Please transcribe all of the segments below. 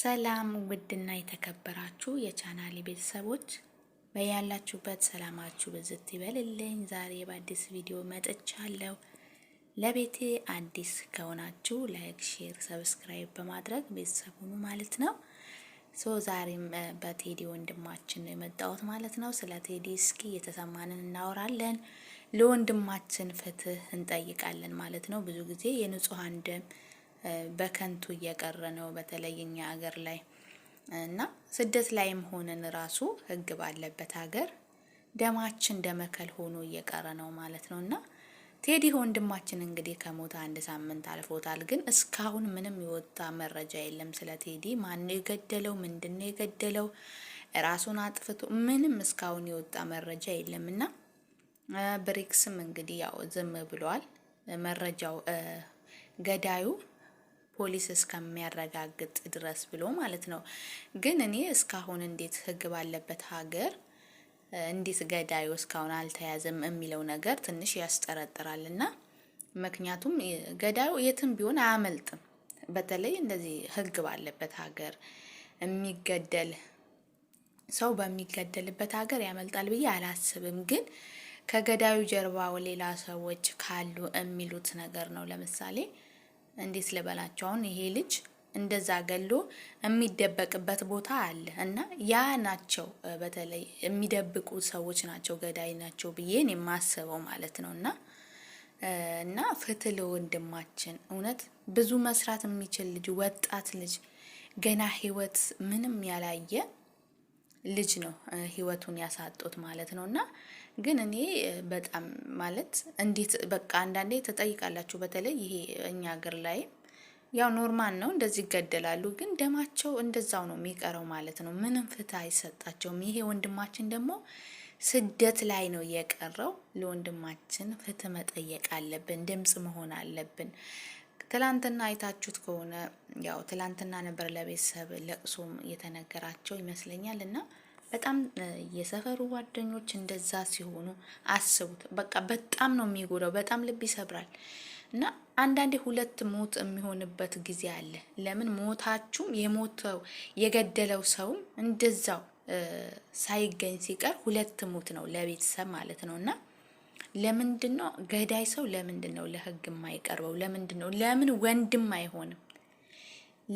ሰላም ውድና የተከበራችሁ የቻናሌ ቤተሰቦች በያላችሁበት ሰላማችሁ ብዝት ይበልልኝ። ዛሬ በአዲስ ቪዲዮ መጥቻለሁ። ለቤቴ አዲስ ከሆናችሁ ላይክ፣ ሼር፣ ሰብስክራይብ በማድረግ ቤተሰብ ሁኑ ማለት ነው። ሶ ዛሬም በቴዲ ወንድማችን ነው የመጣሁት ማለት ነው። ስለ ቴዲ እስኪ የተሰማንን እናወራለን። ለወንድማችን ፍትህ እንጠይቃለን ማለት ነው። ብዙ ጊዜ የንጹሐን ደም በከንቱ እየቀረ ነው፣ በተለይ እኛ ሀገር ላይ እና ስደት ላይም ሆነን ራሱ ህግ ባለበት ሀገር ደማችን ደመከል ሆኖ እየቀረ ነው ማለት ነው እና ቴዲ ወንድማችን እንግዲህ ከሞተ አንድ ሳምንት አልፎታል። ግን እስካሁን ምንም የወጣ መረጃ የለም ስለ ቴዲ። ማነው የገደለው? ምንድን ነው የገደለው? ራሱን አጥፍቶ ምንም እስካሁን የወጣ መረጃ የለም እና ብሬክስም እንግዲህ ያው ዝም ብሏል። መረጃው ገዳዩ ፖሊስ እስከሚያረጋግጥ ድረስ ብሎ ማለት ነው። ግን እኔ እስካሁን እንዴት ህግ ባለበት ሀገር እንዴት ገዳዩ እስካሁን አልተያዘም የሚለው ነገር ትንሽ ያስጠረጥራል እና ምክንያቱም ገዳዩ የትም ቢሆን አያመልጥም። በተለይ እንደዚህ ህግ ባለበት ሀገር የሚገደል ሰው በሚገደልበት ሀገር ያመልጣል ብዬ አላስብም። ግን ከገዳዩ ጀርባ ሌላ ሰዎች ካሉ የሚሉት ነገር ነው። ለምሳሌ እንዴት ልበላቸው አሁን ይሄ ልጅ እንደዛ ገሎ የሚደበቅበት ቦታ አለ እና ያ ናቸው በተለይ የሚደብቁ ሰዎች ናቸው ገዳይ ናቸው ብዬን የማስበው ማለት ነው። እና እና ፍትህ ለወንድማችን እውነት ብዙ መስራት የሚችል ልጅ ወጣት ልጅ ገና ህይወት ምንም ያላየ ልጅ ነው ህይወቱን ያሳጡት ማለት ነው። እና ግን እኔ በጣም ማለት እንዴት በቃ አንዳንዴ ተጠይቃላችሁ። በተለይ ይሄ እኛ ሀገር ላይ ያው ኖርማል ነው እንደዚህ ይገደላሉ፣ ግን ደማቸው እንደዛው ነው የሚቀረው ማለት ነው። ምንም ፍትህ አይሰጣቸውም። ይሄ ወንድማችን ደግሞ ስደት ላይ ነው የቀረው። ለወንድማችን ፍትህ መጠየቅ አለብን፣ ድምፅ መሆን አለብን። ትላንትና አይታችሁት ከሆነ ያው ትላንትና ነበር ለቤተሰብ ለቅሶም የተነገራቸው ይመስለኛል እና በጣም የሰፈሩ ጓደኞች እንደዛ ሲሆኑ አስቡት። በቃ በጣም ነው የሚጎዳው፣ በጣም ልብ ይሰብራል። እና አንዳንዴ ሁለት ሞት የሚሆንበት ጊዜ አለ። ለምን ሞታችሁም የሞተው የገደለው ሰውም እንደዛው ሳይገኝ ሲቀር ሁለት ሞት ነው ለቤተሰብ ማለት ነው እና ለምንድን ነው ገዳይ ሰው ለምንድን ነው ለህግ የማይቀርበው? ለምንድን ነው ለምን ወንድም አይሆንም?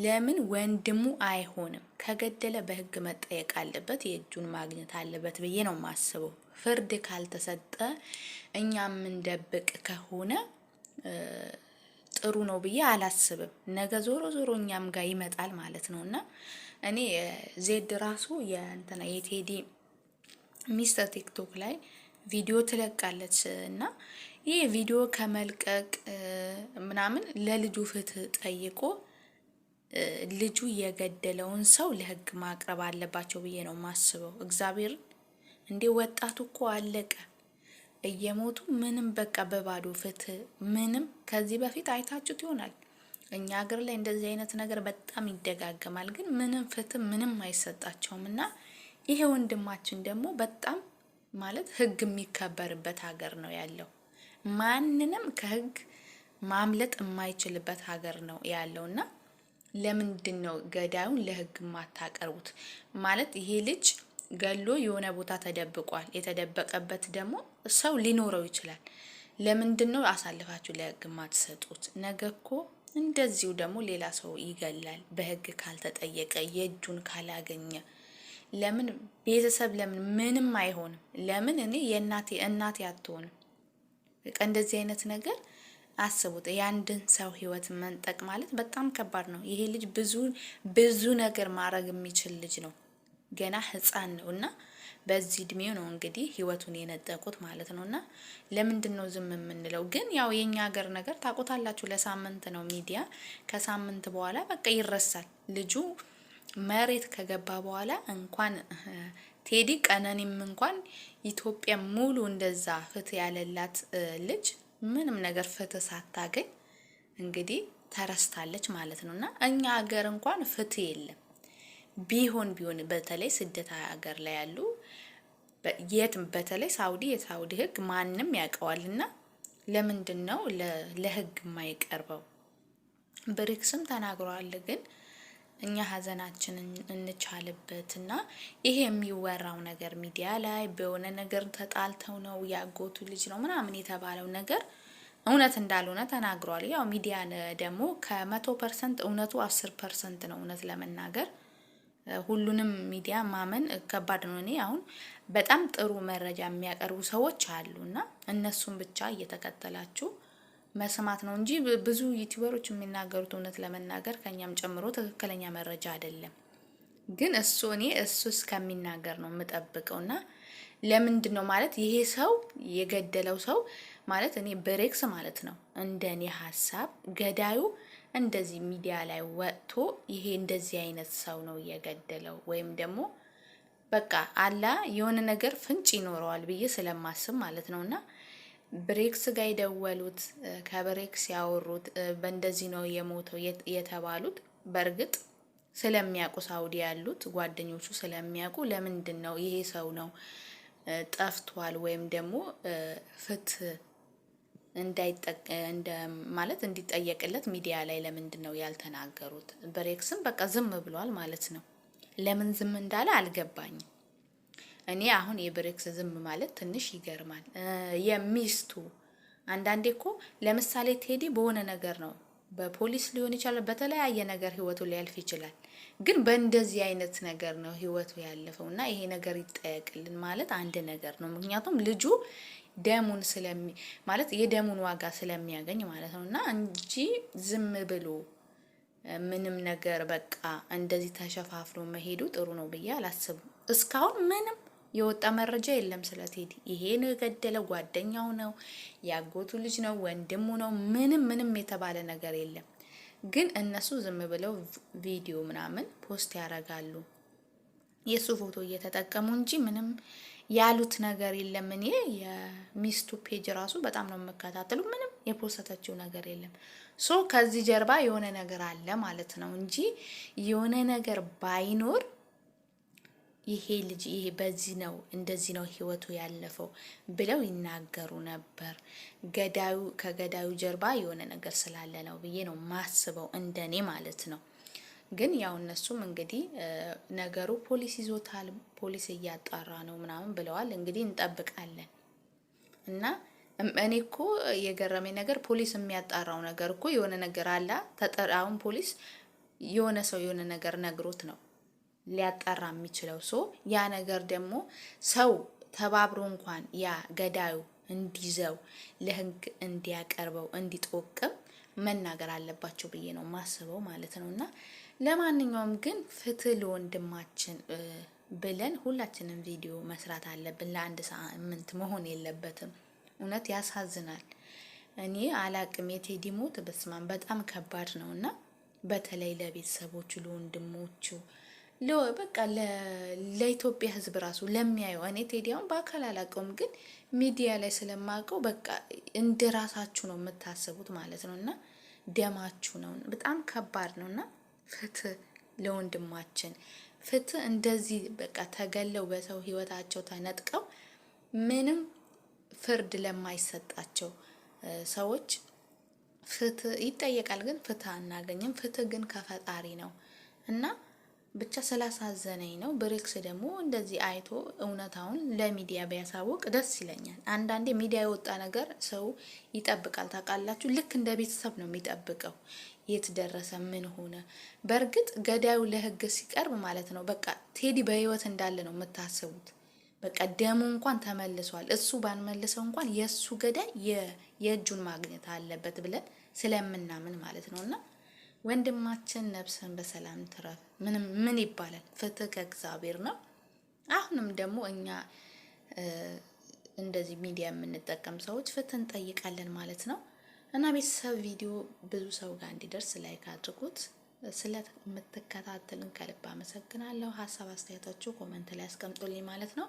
ለምን ወንድሙ አይሆንም? ከገደለ በህግ መጠየቅ አለበት፣ የእጁን ማግኘት አለበት ብዬ ነው የማስበው። ፍርድ ካልተሰጠ እኛ የምንደብቅ ከሆነ ጥሩ ነው ብዬ አላስብም። ነገ ዞሮ ዞሮ እኛም ጋር ይመጣል ማለት ነው እና እኔ ዜድ ራሱ የእንትና የቴዲ ሚስተር ቲክቶክ ላይ ቪዲዮ ትለቃለች እና ይህ ቪዲዮ ከመልቀቅ ምናምን ለልጁ ፍትህ ጠይቆ ልጁ የገደለውን ሰው ለህግ ማቅረብ አለባቸው ብዬ ነው ማስበው። እግዚአብሔርን እንዴ ወጣቱ እኮ አለቀ እየሞቱ ምንም በቃ በባዶ ፍትህ ምንም። ከዚህ በፊት አይታችሁት ይሆናል እኛ ሀገር ላይ እንደዚህ አይነት ነገር በጣም ይደጋገማል፣ ግን ምንም ፍትህ ምንም አይሰጣቸውም እና ይሄ ወንድማችን ደግሞ በጣም ማለት ህግ የሚከበርበት ሀገር ነው ያለው። ማንንም ከህግ ማምለጥ የማይችልበት ሀገር ነው ያለው እና ለምንድን ነው ገዳዩን ለህግ የማታቀርቡት? ማለት ይሄ ልጅ ገሎ የሆነ ቦታ ተደብቋል። የተደበቀበት ደግሞ ሰው ሊኖረው ይችላል። ለምንድን ነው አሳልፋችሁ ለህግ የማትሰጡት? ነገ እኮ እንደዚሁ ደግሞ ሌላ ሰው ይገላል፣ በህግ ካልተጠየቀ የእጁን ካላገኘ ለምን ቤተሰብ ለምን ምንም አይሆንም? ለምን እኔ የእናቴ እናቴ አትሆንም? በቃ እንደዚህ አይነት ነገር አስቡት። የአንድን ሰው ህይወት መንጠቅ ማለት በጣም ከባድ ነው። ይሄ ልጅ ብዙ ብዙ ነገር ማድረግ የሚችል ልጅ ነው። ገና ህፃን ነው እና በዚህ እድሜው ነው እንግዲህ ህይወቱን የነጠቁት ማለት ነው። እና ለምንድን ነው ዝም የምንለው? ግን ያው የኛ ሀገር ነገር ታቆታላችሁ። ለሳምንት ነው ሚዲያ። ከሳምንት በኋላ በቃ ይረሳል ልጁ መሬት ከገባ በኋላ እንኳን ቴዲ ቀነኒም እንኳን ኢትዮጵያ ሙሉ እንደዛ ፍትህ ያለላት ልጅ ምንም ነገር ፍትህ ሳታገኝ እንግዲህ ተረስታለች ማለት ነው። እና እኛ ሀገር እንኳን ፍትህ የለም። ቢሆን ቢሆን በተለይ ስደት ሀገር ላይ ያሉ የት በተለይ ሳውዲ የሳውዲ ህግ ማንም ያውቀዋል። እና ለምንድን ነው ለህግ የማይቀርበው? ብሪክስም ተናግረዋል ግን እኛ ሀዘናችን እንቻልበት እና ይሄ የሚወራው ነገር ሚዲያ ላይ በሆነ ነገር ተጣልተው ነው ያጎቱ ልጅ ነው ምናምን የተባለው ነገር እውነት እንዳልሆነ ተናግሯል። ያው ሚዲያ ደግሞ ከመቶ ፐርሰንት እውነቱ አስር ፐርሰንት ነው። እውነት ለመናገር ሁሉንም ሚዲያ ማመን ከባድ ነው። እኔ አሁን በጣም ጥሩ መረጃ የሚያቀርቡ ሰዎች አሉ እና እነሱን ብቻ እየተከተላችሁ መስማት ነው እንጂ ብዙ ዩቲዩበሮች የሚናገሩት እውነት ለመናገር ከኛም ጨምሮ ትክክለኛ መረጃ አይደለም። ግን እሱ እኔ እሱ እስከሚናገር ነው የምጠብቀው። እና ለምንድን ነው ማለት ይሄ ሰው የገደለው ሰው ማለት እኔ ብሬክስ ማለት ነው እንደ እኔ ሀሳብ ገዳዩ እንደዚህ ሚዲያ ላይ ወጥቶ ይሄ እንደዚህ አይነት ሰው ነው የገደለው ወይም ደግሞ በቃ አላ የሆነ ነገር ፍንጭ ይኖረዋል ብዬ ስለማስብ ማለት ነው እና ብሬክስ ጋር የደወሉት ከብሬክስ ያወሩት በእንደዚህ ነው የሞተው የተባሉት በእርግጥ ስለሚያውቁ ሳውዲ ያሉት ጓደኞቹ ስለሚያውቁ ለምንድን ነው ይሄ ሰው ነው ጠፍቷል ወይም ደግሞ ፍትህ ማለት እንዲጠየቅለት ሚዲያ ላይ ለምንድን ነው ያልተናገሩት? ብሬክስም በቃ ዝም ብሏል ማለት ነው። ለምን ዝም እንዳለ አልገባኝም። እኔ አሁን የብሬክስ ዝም ማለት ትንሽ ይገርማል። የሚስቱ አንዳንዴ እኮ ለምሳሌ ቴዲ በሆነ ነገር ነው በፖሊስ ሊሆን ይችላል፣ በተለያየ ነገር ህይወቱ ሊያልፍ ይችላል። ግን በእንደዚህ አይነት ነገር ነው ህይወቱ ያለፈው እና ይሄ ነገር ይጠየቅልን ማለት አንድ ነገር ነው። ምክንያቱም ልጁ ደሙን ስለሚ ማለት የደሙን ዋጋ ስለሚያገኝ ማለት ነው እና እንጂ ዝም ብሎ ምንም ነገር በቃ እንደዚህ ተሸፋፍኖ መሄዱ ጥሩ ነው ብዬ አላስብም እስካሁን ምንም የወጣ መረጃ የለም ስለ ቴዲ። ይሄ ነው የገደለ ጓደኛው ነው ያጎቱ ልጅ ነው ወንድሙ ነው ምንም ምንም የተባለ ነገር የለም። ግን እነሱ ዝም ብለው ቪዲዮ ምናምን ፖስት ያደርጋሉ የእሱ ፎቶ እየተጠቀሙ እንጂ ምንም ያሉት ነገር የለም። እኔ የሚስቱ ፔጅ ራሱ በጣም ነው የምከታተሉ። ምንም የፖሰተችው ነገር የለም። ሶ ከዚህ ጀርባ የሆነ ነገር አለ ማለት ነው እንጂ የሆነ ነገር ባይኖር ይሄ ልጅ ይሄ በዚህ ነው እንደዚህ ነው ህይወቱ ያለፈው ብለው ይናገሩ ነበር። ገዳዩ ከገዳዩ ጀርባ የሆነ ነገር ስላለ ነው ብዬ ነው ማስበው እንደኔ ማለት ነው። ግን ያው እነሱም እንግዲህ ነገሩ ፖሊስ ይዞታል፣ ፖሊስ እያጣራ ነው ምናምን ብለዋል። እንግዲህ እንጠብቃለን እና እኔ እኮ የገረመኝ ነገር ፖሊስ የሚያጣራው ነገር እኮ የሆነ ነገር አላ ተጠራውን ፖሊስ የሆነ ሰው የሆነ ነገር ነግሮት ነው ሊያጠራ የሚችለው ሶ ያ ነገር ደግሞ ሰው ተባብሮ እንኳን ያ ገዳዩ እንዲዘው ለህግ እንዲያቀርበው እንዲጦቅም መናገር አለባቸው ብዬ ነው ማስበው ማለት ነው። እና ለማንኛውም ግን ፍትህ ለወንድማችን ብለን ሁላችንም ቪዲዮ መስራት አለብን። ለአንድ ሳምንት መሆን የለበትም። እውነት ያሳዝናል። እኔ አላቅም የቴዲ ሞት በስማን በጣም ከባድ ነው እና በተለይ ለቤተሰቦቹ ለወንድሞቹ በቃ ለኢትዮጵያ ሕዝብ ራሱ ለሚያየው እኔ ቴዲያውን በአካል አላውቀውም፣ ግን ሚዲያ ላይ ስለማውቀው በቃ እንደ ራሳችሁ ነው የምታስቡት ማለት ነው እና ደማችሁ ነው። በጣም ከባድ ነው እና ፍትህ ለወንድማችን ፍትህ እንደዚህ በቃ ተገለው በሰው ህይወታቸው ተነጥቀው ምንም ፍርድ ለማይሰጣቸው ሰዎች ፍትህ ይጠየቃል፣ ግን ፍትህ አናገኝም። ፍትህ ግን ከፈጣሪ ነው እና ብቻ ስላሳዘነኝ ነው። ብሬክስ ደግሞ እንደዚህ አይቶ እውነታውን ለሚዲያ ቢያሳውቅ ደስ ይለኛል። አንዳንዴ ሚዲያ የወጣ ነገር ሰው ይጠብቃል። ታውቃላችሁ፣ ልክ እንደ ቤተሰብ ነው የሚጠብቀው። የት ደረሰ? ምን ሆነ? በእርግጥ ገዳዩ ለህግ ሲቀርብ ማለት ነው በቃ ቴዲ በህይወት እንዳለ ነው የምታስቡት። በቃ ደሙ እንኳን ተመልሷል። እሱ ባንመልሰው እንኳን የእሱ ገዳይ የእጁን ማግኘት አለበት ብለን ስለምናምን ማለት ነው እና ወንድማችን ነብስን በሰላም ትረፍ። ምንም ምን ይባላል? ፍትህ ከእግዚአብሔር ነው። አሁንም ደግሞ እኛ እንደዚህ ሚዲያ የምንጠቀም ሰዎች ፍትህ እንጠይቃለን ማለት ነው። እና ቤተሰብ ቪዲዮ ብዙ ሰው ጋር እንዲደርስ ላይክ አድርጉት። ስለምትከታተልን ከልብ አመሰግናለሁ። ሀሳብ አስተያየታችሁ ኮመንት ላይ አስቀምጡልኝ ማለት ነው።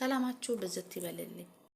ሰላማችሁ ብዝት ይበልልኝ።